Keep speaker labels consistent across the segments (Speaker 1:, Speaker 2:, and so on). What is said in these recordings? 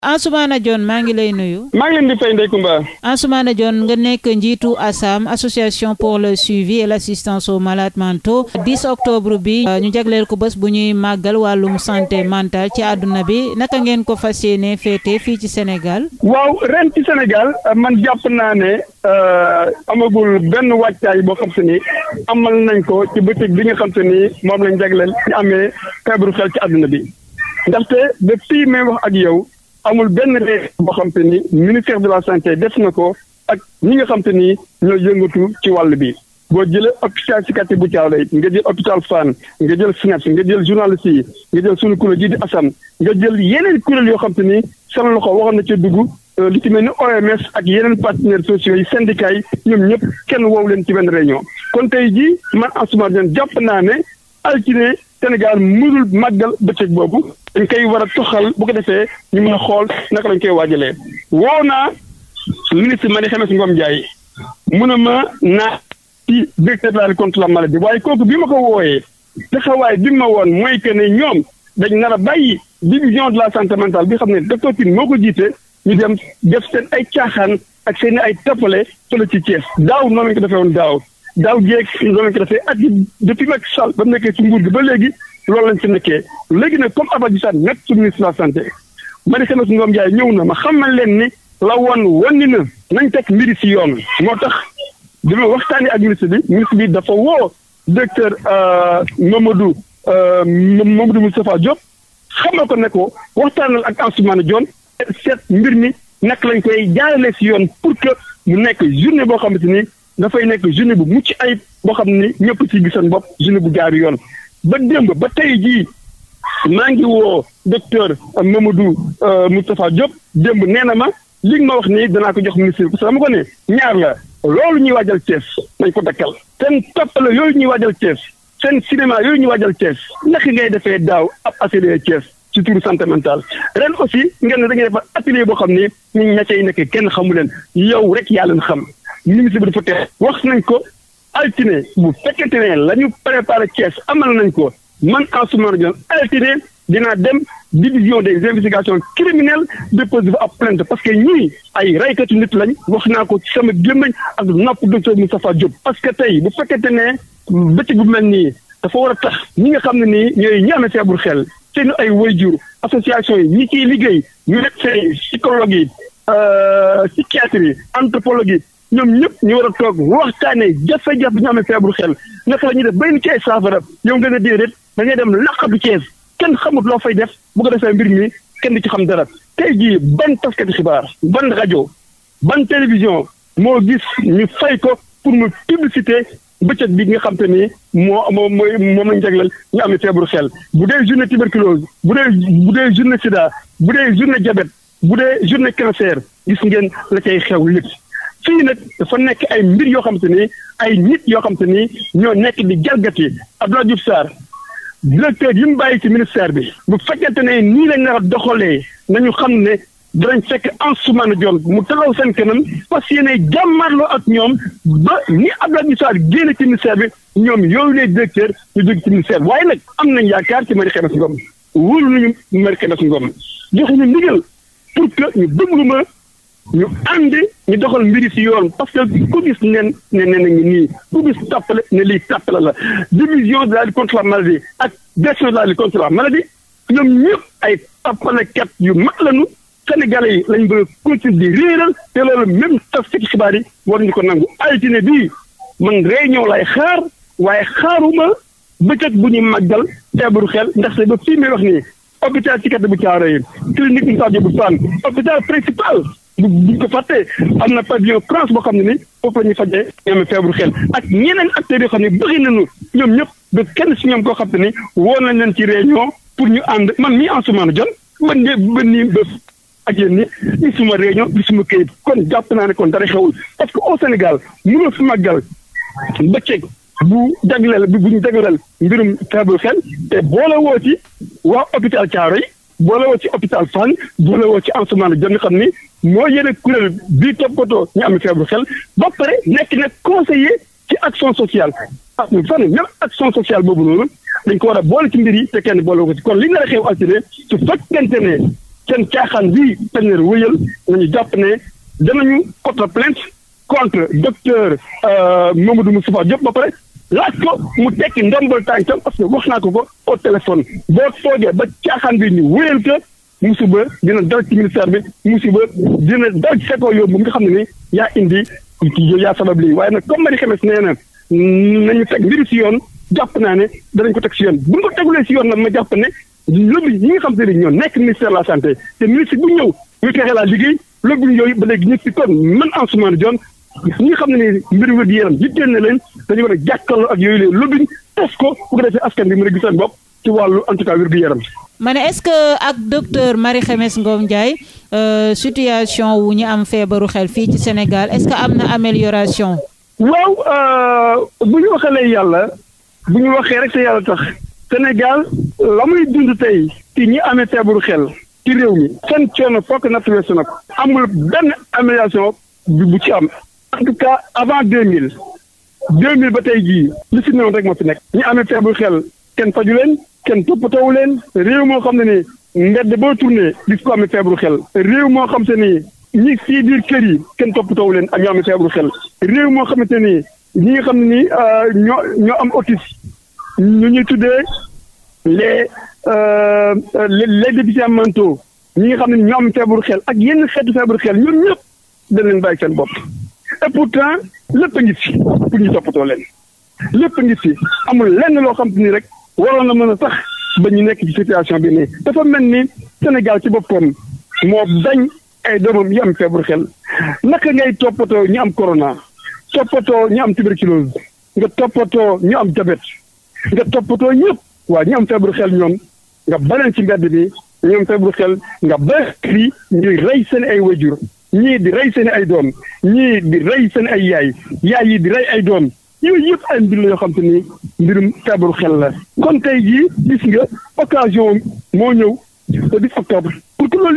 Speaker 1: Ansoumana Dione maa ngi lay nuyu. maa ngi leen di fay Ndeye Comba. Ansoumana Dione nga nekk njiitu ASAM association pour le suivi et l' assistance aux malades mentaux 10 bi ñu jagleel ko bës bu ñuy màggal wàllum santé mentale ci àdduna bi naka ngeen ko fas yéenee féete fii ci senegal waaw ren ci Sénégal man jàpp naa ne euh, amagul benn wàccaay boo xam ni amal nañ ko ci bëccëg bi nga xam ni moom lañ jagleel ñu amee feebaru xel ci àdduna bi ndaxte depuis may wax amul benn réer boo xam ni ministère de la santé def na ko ak ñi nga xam te ni ñooy yëngatu ci wàll bi. boo jëlee hôpital si kati bu Thiawlay nga jël hôpital Fann nga jël SNES nga jël journaliste yi nga jël sunu kuréel ji di Assane nga jël yeneen kuréel yoo xam te ni sama loxo waxoon na ca dugg euh, li ci mel ni OMS ak yeneen partenaires sociaux yi syndicats yi ñoom ñëpp kenn woow leen ci benn réunion kon tey ji man Ansoumana Dione jàpp naa ne altine Sénégal mënul màggal bëccëg boobu dañ koy war a tuxal bu ko defee ñu mën a xool naka lañ koy waajalee woo naa ministre man ni Xemes Ngom Ndiaye mun a ma naa ci directeur de la lutte contre la waaye kooku bi ma ko wooyee taxawaay bi ma woon mooy ñoom dañ nar a bàyyi division de la santé mentale xam ne docteur Tine moo ko jiite ñu dem def seen ay caaxaan ak seen ay tappale fële ci Thiès daaw noonu ñu ko defee woon daaw daaw jéeg nous avons fait at yi depuis Macky Sall ba mu nekkee gi ba léegi loolu lañ nekkee léegi nag comme Abadou Sall nekk ci ministre de la santé Marie Khemesse Ngom Ndiaye ñëw na ma xamal leen ni la woon wan na nañ teg mbiri ci yoon moo tax bi ma waxtaanee ak ministre bi ministre dafa woo docteur euh, Mamadou euh, Mamadou Moustapha Diop xamal ko ne ko waxtaanal ak Ansoumana Dione seet mbir mi nag lañ koy jaarale ci yoon pour que mu nekk journée boo xamante ni. dafay nekk journée bu mucc ayib boo xam ne ñëpp ci gis seen bopp journée bu jaar yoon ba démb ba tey jii maa ngi woo docteur euh, Mamadou euh, Moustapha Diop démb nee na ma li ma wax nii danaa ko jox ministre parce que ma ko ne ñaar la loolu ñuy waajal Thiès nañ ko dakkal seen toppale yooyu ñuy waajal Thiès seen cinéma yooyu ñuy waajal Thiès naka ngay defee daaw ab atelier Thiès ci turu santé mentale ren aussi ngeen ne da ngeen defar atelier boo xam ne ñun ña cay nekk kenn xamu leen yow rek yaa leen xam. ministre bi dafa teel wax nañ ko altine bu fekkente ne la ñu préparé Thiès amal nañ ko man Ansoumana Dione altine dinaa dem division des investigations criminelles déposé fa ab plainte parce que ñii ay raykatu nit lañ wax naa ko ci sama gémmañ ak nopp docteur Moustapha Diop parce que tey bu fekkente ne bëccëg bu mel nii dafa war a tax ñi nga xam ne nii ñooy ñi amee feebur xel seenu ay wayjur association yi nit ciy liggéey médecins yi euh, psychologues yi psychiatres yi anthropologues yi ñoom ñëpp ñu war a toog waxtaanee jafe-jafe bi ñu amee feebru xel naka la ñu def bay ñu ci ay saafara yow nga ne déedéet da ngay dem laqatu Cees kenn xamut loo fay def bu ko defee mbir mi kenn di ci xam dara tey jii ban taskati xibaar ban rajo ban télévision moo gis ñu fay ko pour mu publicité bëccëg bi nga xam te ni moo moom mooy moom lañ jagleel ñu amee feebru xel bu dee journée tuberculose bu dee bu dee journée sida bu dee journée diabète bu dee journée cancer gis la cay xew lépp fii nag dafa nekk ay mbir yoo xam te ni ay nit yoo xam te ni ñoo nekk di jalgati Abdoulaye Diouf Sarr directeur yi mu bàyyi ci ministère bi bu fekkente ne nii lañ nar a doxalee nañu xam ne danañ fekk Ansoumana Dione mu taxaw seen kanam parce que yéenay jàmmarloo ak ñoom ba ni Abdoulaye Diouf Sarr génne ci ministère bi ñoom yooyu lay directeur ñu jóge ci ministère waaye nag am nañ yaakaar ci Marie Khemesse Ngom wóolu nañu Marie Khemesse Ngom joxe ñu ndigal pour que ñu ñu ànd ñu doxal mbiri si yoon parce que ku gis nen ne ne nañu nii ku gis tàppale ne lii tàppale la division de la di contre la maladie ak gestion de la lutte contre la maladie ñoom ñëpp ay kat yu mag lañu Sénégalais yi lañ bëgg a continuer di réeral te loolu même tas ci xibaar yi war ñu ko nangu altine bii man réunion lay xaar waaye xaaruma bëccëg bu ñu màggal feebaru xel ndax te ba fii may wax nii hôpital ci kat bu Thiaroye clinique Moussa Diop bu Fann hôpital buñ ko fàttee am na pavillon France boo xam ne ni foofu la ñuy fajee ñu amee feebaru xel ak ñeneen acteurs yoo xam ne bëri nañu ñoom ñëpp ba kenn si ñoom koo xam ni woon nañ leen ci réunion pour ñu ànd man mii Ansoumana Dione man de ba nii ba ak yéen ni suma réunion bi suma këyit kon jàpp naa ne kon dara xewul parce que au Sénégal mënoo fi màggal bëccëg bu jagleel bu ñu jagleel mbirum feebaru xel te boole woo ci waa hôpital Thiaroye boolewoo ci hôpital Fann boolewoo ci ensemenement de nga xam ni moo yële kuréel bii toppatoo ñu am feebaru xel ba pare nekk nag conseiller ci action sociale ak ah fan même action sociale boobu noonu dañ ko war a boole ci mbir yi te kenn boole ko ci kon li nar a xew altine su fekkente ne seen caaxaan bii peñeer wëyal nañu jàpp ne danañu porter plainte contre docteur euh, Mamadou Moustapha Diop ba pare laaj ko mu tekki ndombal tànkam parce que wax naa ko ko au téléphone boo ba caaxaan bi ñu wéyal ko musiba dina dal ci ministère bi musiba dina dal ci sekoo yow bu nga xam ne ni yaa indi yaa sabab lii waaye nag comme Marie Khemesse nee na nañu teg mbiri si yoon jàpp naa ne danañ ko teg si yoon bu ñu ko tegulee si yoon nag ma jàpp ne lobby ñi nga xam te ne ñoo nekk ministère la santé te ministre bu ñëw ñu fexe laa liggéey lobby yooyu ba léegi ñu ci kon man Ansoumana Dione ñi nga xam ne nii mbir wér gi yaram jitteel na leen dañu war a jàkkaarloo ak yooyu leen lobbiñ tas ko bu ko defee askan bi mën a gis seen bopp ci wàllu en tout cas wér gi yaram. ma ne ce que ak docteur Marie Khemesse Ngom Ndiaye euh, situation wu ñu am feebaru xel fii ci Sénégal est am na amélioration. waaw euh, bu ñu waxalee yàlla bu ñu waxee rek te yàlla tax Sénégal la muy dund tey ci ñu amee feebaru xel ci réew mi seen coono fokk natt weesu na ko amul benn amélioration bu ci am en tout cas avant deux mille deux mille ba tey jii li si noonu rek moo fi nekk ñu amee feebu xel kenn faju leen kenn toppatoowu leen réew moo xam ne ni mbedd boo tourné gis amee feebru xel réew moo xam te ni ñi sii biir kër yi kenn leen ak ñoo amee feebru xel réew moo xamante ni ñi nga xam ne ni euh, ñoo ñoo am autisme ñu ñuy tuddee les euh, les déficients mentaux ñi nga xam ne ni ñoo am feebru xel ak yenn xeetu feebru xel ñoom ñëpp dañ leen bàyyi seen bopp et pourtant lépp a ngi fi pour ñu toppatoo leen lépp a ngi fi amul lenn loo xam te ni rek waroon na mën a sax ba ñu nekk ci situation bi nii dafa mel ni Sénégal ci boppam moo bañ ay doomam yi am feebar xel naka ngay toppatoo ñu am corona toppatoo ñu am tuberculose nga toppatoo ñu am diabète nga toppatoo ñëpp waa ñu am feebar xel ñoom nga baleen ci mbedd bi ñu am feebar xel nga bàyyi ñuy rey seen ay wajur ñii di rey seen ay doom ñii di rey seen ay yaay yaay yi di rey ay doom yooyu ay mbir yoo xam te ni mbirum feebaru xel la kon tey jii gis nga occasion moo ñëw le 10 octobre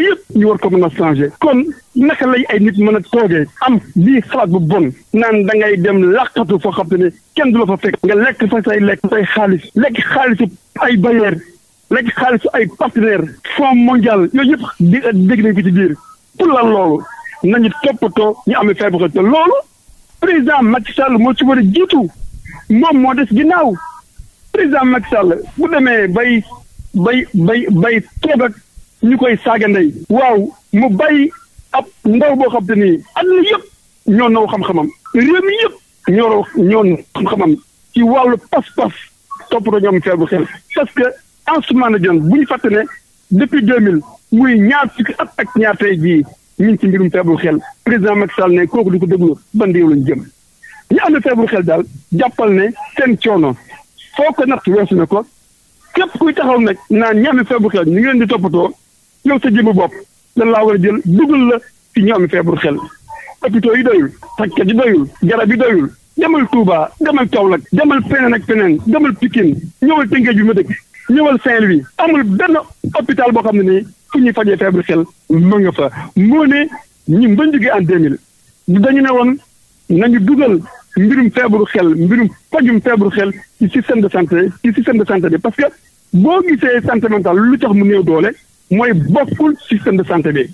Speaker 1: yëpp ñu war ko mën a changer kon naka lay ay nit mën a tooge am lii xalaat bu bon naan da ngay dem làqatu foo xam te ne kenn du la fa fekk nga lekk fa say lekk say xaalis lekk xaalisu ay bailleur lekk xaalisu ay partenaire fonds mondial yooyu yëpp dégg nañ bi ci biir pour loolu nañu toppatoo ñu amee feebar te loolu président Macky Sall moo ci war a jiitu moom moo des ginnaaw président Macky Sall bu demee bay bay bay bay toog ak ñu koy saagandey waaw mu bay ab ndaw boo xam te nii àdduna yëpp ñoo naw xam-xamam réew mi yëpp ñoo ñoo xam-xamam ci wàllu pas-pas toppatoo ñoom feebu xel parce que Ansoumana Dione bu ñu fàtte ne depuis deux mille muy ñaar fukki at ak ñaar tey jii ñu ngi ci mbirum feebul xel président Macky Sall ne kooku du ko déglu ban réew lañ jëm ñu am na feebul xel daal jàppal ne seen coono foo ko natt weesu na ko képp kuy taxaw nag naan ñi amee feebul xel ñu ngi leen di toppatoo yow sa jëmm bopp lan laa war a jël dugal la ci ñu amee feebul xel hôpitaux yi doyul fajkat yi doyul garab yi doyul demal Touba demal Kaolack demal peneen damal peneen demal Pikine ñëwal Tëngéej bi ma dëkk ñëwal Saint-Louis amul benn hôpital boo xam ne nii fu ñu fajee feebar xel ma nga fa moo ne ñun bañ jógee en deux dañu ne woon na nañu dugal mbirum feebaru xel mbirum fajum feebaru xel ci système de santé ci système de santé bi parce que boo gisee santé mentale lu jox mu néew doole mooy bokkul système de santé bi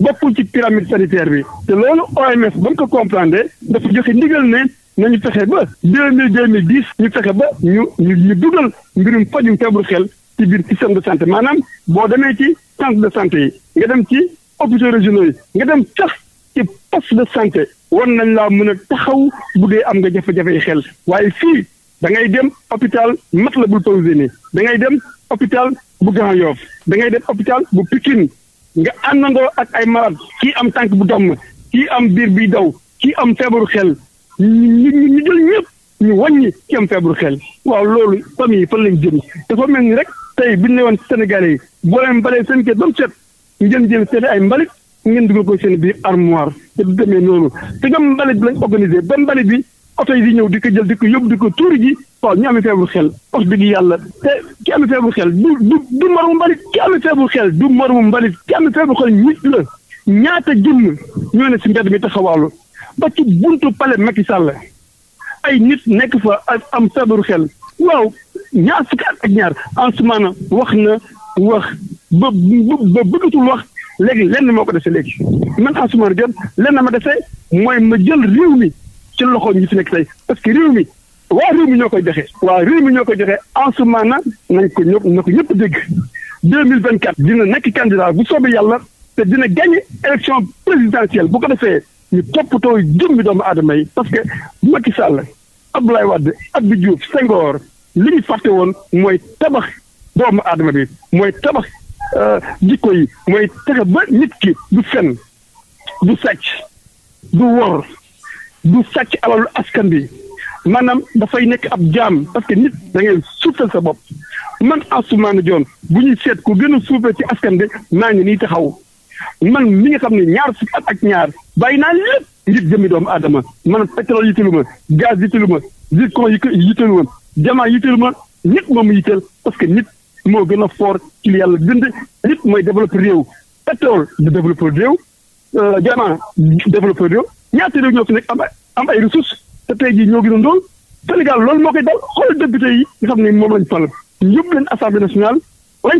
Speaker 1: bokkul ci pyramide sanitaire bi te loolu OMS ba nga ko comprendre dafa joxe ndigal ne nañu fexe ba deux mille deux mille dix ñu fexe ba ñu ñu dugal mbirum fajum feebaru xel ci biir système de santé maanaam boo demee ci centre de santé yi nga dem ci hôpitaux régionaux yi nga dem sax ci poste de santé war nañ laa mën a taxaw bu dee am nga jafe-jafe xel waaye fii da ngay dem hôpital Matlaboul Fawzeyni da ngay dem hôpital bu Grand Yoff da ngay dem hôpital bu Pikine nga àndandoo ak ay malade kii am tànk bu dom kii am biir biy daw kii am feebaru xel ñu ñu jël ñëpp ñu wàññi kii am feebaru xel waaw loolu famille fan ni rek tey bi ñu nee woon Sénégalais yi boo leen balee seen kër ba mu set ngeen jël seen ay mbalit ngeen dugal ko seen biir armoire te du demee noonu te comme mbalit bi lañ organisé ba mbalit bi oto yi di ñëw di ko jël di ko yóbbu di ko tuuri ji waaw ñu amee feebu xel wax dëgg yàlla te ki amee feebu xel du du du mbalit ki amee feebu xel du moromu mbalit ki amee feebu xel nit la ñaata jëmm ñoo ne si mbedd mi taxawaalu ba ci buntu palais Macky Sall ay nit nekk fa ak am feebaru xel waaw ñaar fukki at ak ñaar Ansoumana wax na wax ba ba bëggatul wax léegi lenn moo ko defee léegi man Ansoumana Dione lenn ma dese mooy ma jël réew mi ci loxo ñi fi nekk tey parce que réew mi waa réew mi ñoo koy joxe waa réew mi ñoo koy joxe Ansoumana nañ ko ñëpp na ko ñëpp dégg deux mille vingt quatre dina nekk candidat bu soobee yàlla te dina gagné élection présidentielle bu ko defee ñu toppatoo jëmmi doomu aadama yi parce que Macky Sall Abdoulaye Wade Abdou Diouf Senghor li ñu fàtte woon mooy tabax doomu aadama bi mooy tabax euh, jikko koy mooy taxe ba nit ki du fen du sàcc du wor du sàcc alalu askan bi maanaam dafay nekk ab jaam parce nit da ngay sa bopp man Ansoumana Dione bu ñuy seet ku gën a suufee ci askan bi naa ngi nii taxaw man mi nga xam ne ñaar fukki ak ñaar bàyyi naa lépp ngir jëmmi doomu aadama man pétrole yitalu ma gaz yitalu ma zircon yi yitalu ma jamaa yitteel ma nit moom yitteel parce que nit moo gën a fort ci li yàlla bind nit mooy développer réew pétrole du développer réew euh, jamaa développer réew ñaata réew ñoo fi nekk am am ay ressources te tey jii ñoo gën a ndóol Sénégal loolu moo koy dal xool député yi nga xam ne moom lañ fal yóbbu leen assemblée nationale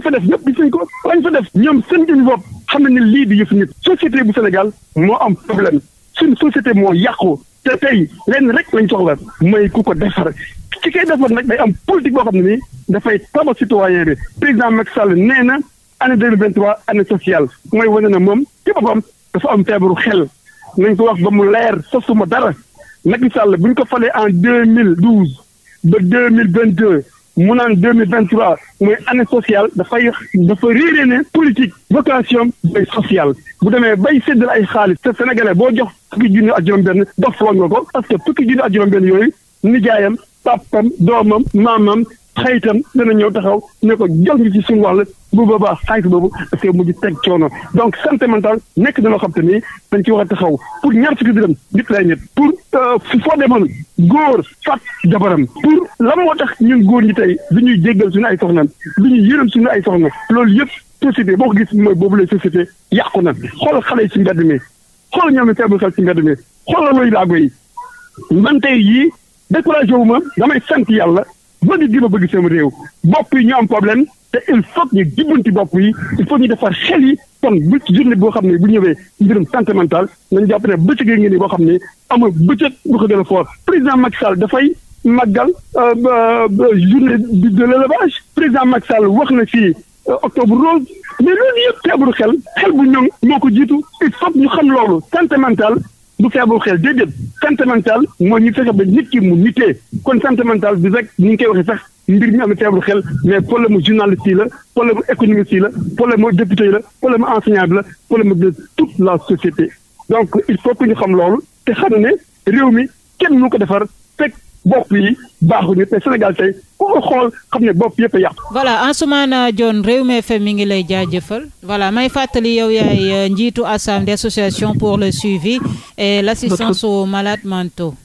Speaker 1: fa def ñëpp gis nañ ko lañ fa def ñoom seen jëm bopp xam ne ne lii di yëf nit société bu Sénégal moo am problème suñu société moo yàqu te tey lenn rek lañ soxla mooy ku ko defar ci koy defar nag day am politique boo xam ne nii dafay tabax citoyen bi président Macky Sall nee na année deux mille vingt trois année sociale mooy wane na moom ci boppam dafa am feebaru xel nañ ko wax ba mu leer sosuma dara Macky Sall bu ñu ko falee en deux mille douze ba deux mille vingt deux mu naan deux mille vingt trois mooy année sociale dafay dafa réeré ne politique vocation mooy sociale bu demee bay séddal ay xaalis te sénégalais boo jox fukki junni ak juróom-benn dox foog nga ko parce que fukki junni ak juróom-benn yooyu nijaayam papam doomam maamam xayitam dana ñëw taxaw ne ko jox ñu ci suñu wàll boobu bu boobaa xaalis boobu dafay mujj teg coono donc santé mentale nekk na loo xam te ni dañ ci war a taxaw pour ñaar fukki dërëm nit lay nit pour euh, foo demoon góor fat jabaram pour la moo tax ñun góor ñi tey du ñuy jéggal suñu ay soxna du ñuy yërëm suñu ay soxna loolu yëpp société boo ko gis mooy boobu la société yàqu na xool xale yi ci mbedd mi xool ñoom ne feebul xel ci mbedd mi xoolal looy laago yi man tey yii découragé wu ma damay sant yàlla bëgg gi ma bëgg sama réew bopp yi ñu am problème te il faut ñu jubbanti bopp yi il faut ñu defar xel yi kon bu journée boo xam ne bu ñëwee mbirum santé mentale nañ jàpp ne bëccëg yi ngeen ni boo xam ne amul bëccëg bu ko gën a président Macky Sall dafay màggal euh, euh, euh, journée de l'élevage président Macky wax na ci octobre rose mais loolu yëpp feebaru xel xel bu ñoŋ moo ko jiitu il faut ñu xam loolu santé bu du feebaru xel déedéet santé mentale mooy ñu fexe ba nit ki mu nitee kon santé bi rek ni ñu koy waxee sax mbir mi am teewlu xel mais problème mu journaliste yi la problème mu économiste yi la problème mu député yi la problème mu la problème de toute la société donc il faut que ñu xam loolu te xam ne réew mi kenn mënu ko defar fekk bopp yi baaxuñu te Sénégal tey ko xool xam ne bopp yëpp a yàqu. voilà Ansoumana Dione Rewmi FM mi ngi lay jaajëfal voilà may fàttali yow yaay euh, njiitu assemblée association pour le suivi et l' assistance aux malades mentaux.